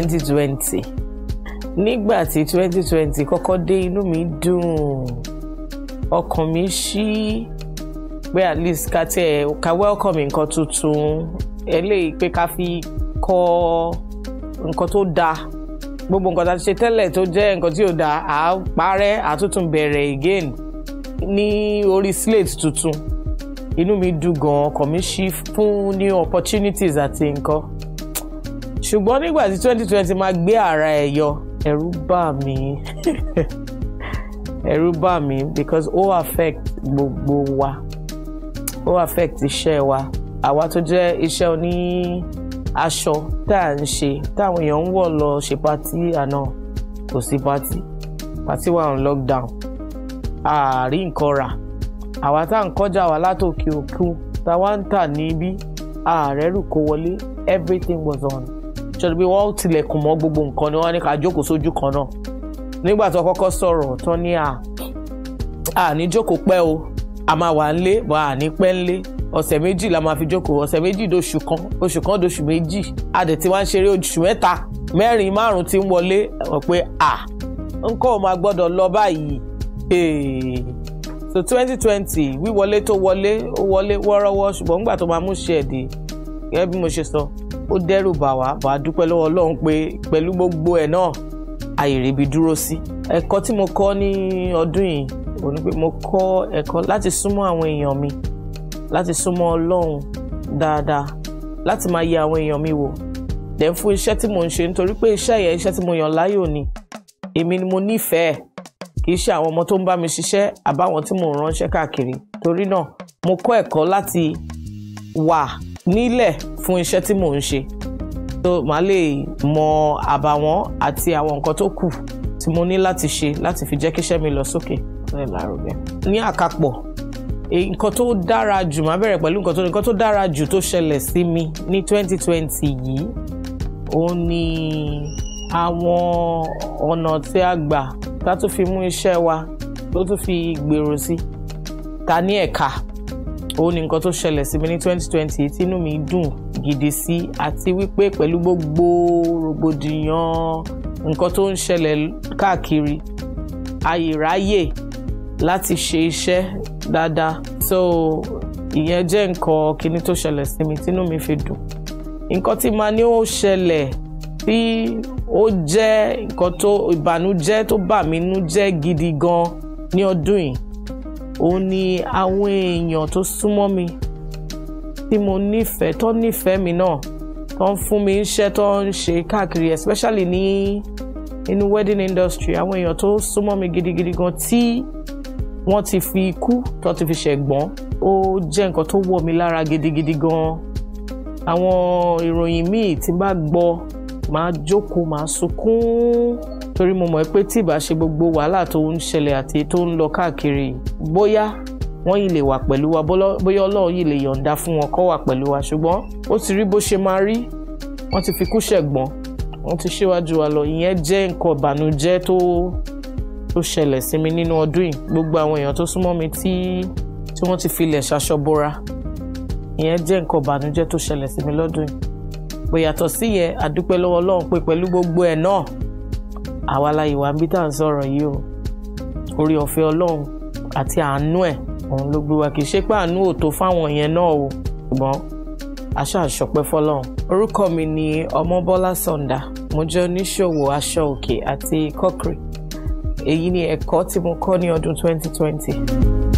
2020, twenty nígbà tí twenty twenty kọ́kọ́ dé inú mi dùn ọkàn mi ṣí pé at least ká tẹ ká welcome nǹkan tuntun eléyìí pé ká fi kọ́ nǹkan tó dáa gbogbo nǹkan tá a ti ṣe tẹ́lẹ̀ tó jẹ́ nǹkan tí ò dáa á parẹ́ àtúntún bẹ̀rẹ̀ again ní orí slate tuntun inú mi dùn gan ọkàn mi ṣí fún new opportunities àti nǹkan ṣùgbọ́n nígbà tí 2020, twenty máa gbé ara ẹ̀ yọ ẹ̀rù bà mí ẹ̀rù bà mí because ó affect gbogbo wa ó affect iṣẹ́ wa àwa tó jẹ́ iṣẹ́ oní aṣọ tá à ń ṣe táwọn èèyàn ń wọ̀ lọ ṣe pátí àná kò sí pátí pátí wà on lockdown ààrí nǹkan rà àwa tá à ń kọjá wa látòkè òkun táwa ń tà níbí ààrẹ rù kó wọlé everything was on ṣọlá bí wọ́n tilẹ̀kùn mọ́ gbogbo nǹkan ni wọ́n ní ká jókòó sójú kan náà nígbà tó kọ́kọ́ sọ̀rọ̀ tán ní à à ní jókòó pẹ́ o a máa wà ńlé wà á ní pẹ́ ńlé ọ̀sẹ̀ méjì la máa fi jókòó ọ̀sẹ̀ méjì dóṣù kan oṣù kan dóṣù méjì a dẹ̀ ti wá ń ṣeré oṣù mẹ́ta mẹ́rin márùn-ún ti ń wọlé ọ̀ pé à nǹkan ò máa gbọ́dọ̀ lọ báyìí so twenty twenty wíwọlé tó wọlé ó wọlé wọ́ọ́rọ́wọ́ ṣùgbọ́n nígbà tó máa mú ṣe ẹ̀dẹ̀ gẹ́gẹ́ bí mo ṣe sọ ó dẹ́rù bà wá bá a dúpẹ́ lọ́wọ́ Ọlọ́run pé pẹ̀lú gbogbo ẹ̀ náà àìríbi dúró sí. ẹ̀kọ́ tí mo kọ́ ní ọdún yìí òun ni pé mo kọ́ ẹ̀kọ́ láti súnmọ́ àwọn èèyàn mi láti súnmọ́ Ọlọ́run dáadáa láti máa yẹ àwọn èèyàn mi wò dẹ̀ fún iṣẹ́ tí mo ń ṣe nítorí pé iṣẹ́ yẹn iṣẹ́ tí mo yàn láyò ni èmi ni mo nífẹ̀ẹ́ kì í ṣe àwọn ọmọ tó ń bá mi ṣiṣẹ́ àbáwọn tí mò ránṣẹ́ káàkiri torí náà mo kọ́ ẹ̀kọ́ láti wà nílẹ̀ fún iṣẹ́ tí mò ń ṣe so màá lè mọ àbàwọ́n àti àwọn nǹkan tó kù tí mo ní láti ṣe láti fi jẹ́ kí iṣẹ́ mi lọ sókè ní ìlàrúgẹ. ní àkàpọ̀ nǹkan tó dára jù máa bẹ̀rẹ̀ pẹ̀lú nǹkan tó nǹkan tó dára jù tó ṣẹlẹ̀ sí mi ní 2020 yìí òun ni àwọn ọ̀nà tí a gbà tá tó fi mú iṣẹ́ wa tó tún fi gbèrò sí ta ní ẹ̀ka ó ní nǹkan tó ṣẹlẹ̀ sí mi ní 2020 tí inú mi dùn gidi sí àti wípé pẹ̀lú gbogbo rògbòdìyàn nǹkan tó ń ṣẹlẹ̀ káàkiri ayèràyè láti ṣe iṣẹ́ dáadáa so ìyẹn jẹ́ nǹkan kíní tó ṣẹlẹ̀ sí mi tínú mi fi dùn nǹkan tí màá ní ó ṣẹlẹ̀ tí ó jẹ́ nǹkan tó ìbànújẹ́ tó bà mí nú jẹ́ gidi gan ní ọdún yìí òun ni àwọn èèyàn tó súnmọ́ mi tí mo nífẹ̀ẹ́ tó nífẹ̀ẹ́ mi náà tó ń fún mi iṣẹ́ tó ń ṣe káàkiri especially ní inú wedding industry àwọn èèyàn tó súnmọ́ mi gidigidi gan tí wọ́n ti fi ikú tó ti fi ṣẹ̀gbọ́n ó jẹ́ nǹkan tó wọ̀ mí lára gidigidi gan àwọn ìròyìn míì tí n bá gbọ́ màá jókòó màá sunkún torí mo mọ̀ pé tí ìbá ṣe gbogbo wàhálà tó ń ṣẹlẹ̀ àti tó ń lọ káàkiri bóyá wọ́n yìí lè wà pẹ̀lú wa bóyá ọlọ́run yìí lè yọ̀ǹda fún wọn kó wà pẹ̀lú wa ṣùgbọ́n ó ti rí bó ṣe máa rí wọ́n ti fi kú ṣẹ̀gbọ́n wọ́n ti ṣíwájú wa lọ ìyẹn jẹ́ nǹkan ìbànújẹ́ tó tó ṣẹlẹ̀ sí mi nínú ọdún yìí gbogbo àwọn èèyàn tó súnmọ́ mi tí tí wọ́n ti filẹ̀ ṣaṣọ bora ìyẹn jẹ́ nǹkan ìbànújẹ́ tó ṣẹlẹ̀ sí mi lọ́dún yìí pé yàtọ̀ sí yẹn àdúpẹ́ lọ́wọ́ ọlọ́run pé pẹ̀lú gbogbo ẹ̀ náà àwa la ìwà ń bí tá à ń sọ̀rọ̀ yìí o orí ọ̀fẹ́ ọlọ́run àti àánú ẹ̀ òun ló gbé wa kì í ṣe pé àánú ò tó fáwọn yẹn náà o ṣùgbọ́n aṣáàṣọpẹ́ fọlọ́run. orúkọ mi ni ọmọbọ́lá sọ̀ǹda mo jẹ́ oníṣòwò aṣọ òkè àti kọ́kìrì èyí ni ẹ̀kọ́ tí mo kọ́ ní ọdún 2020.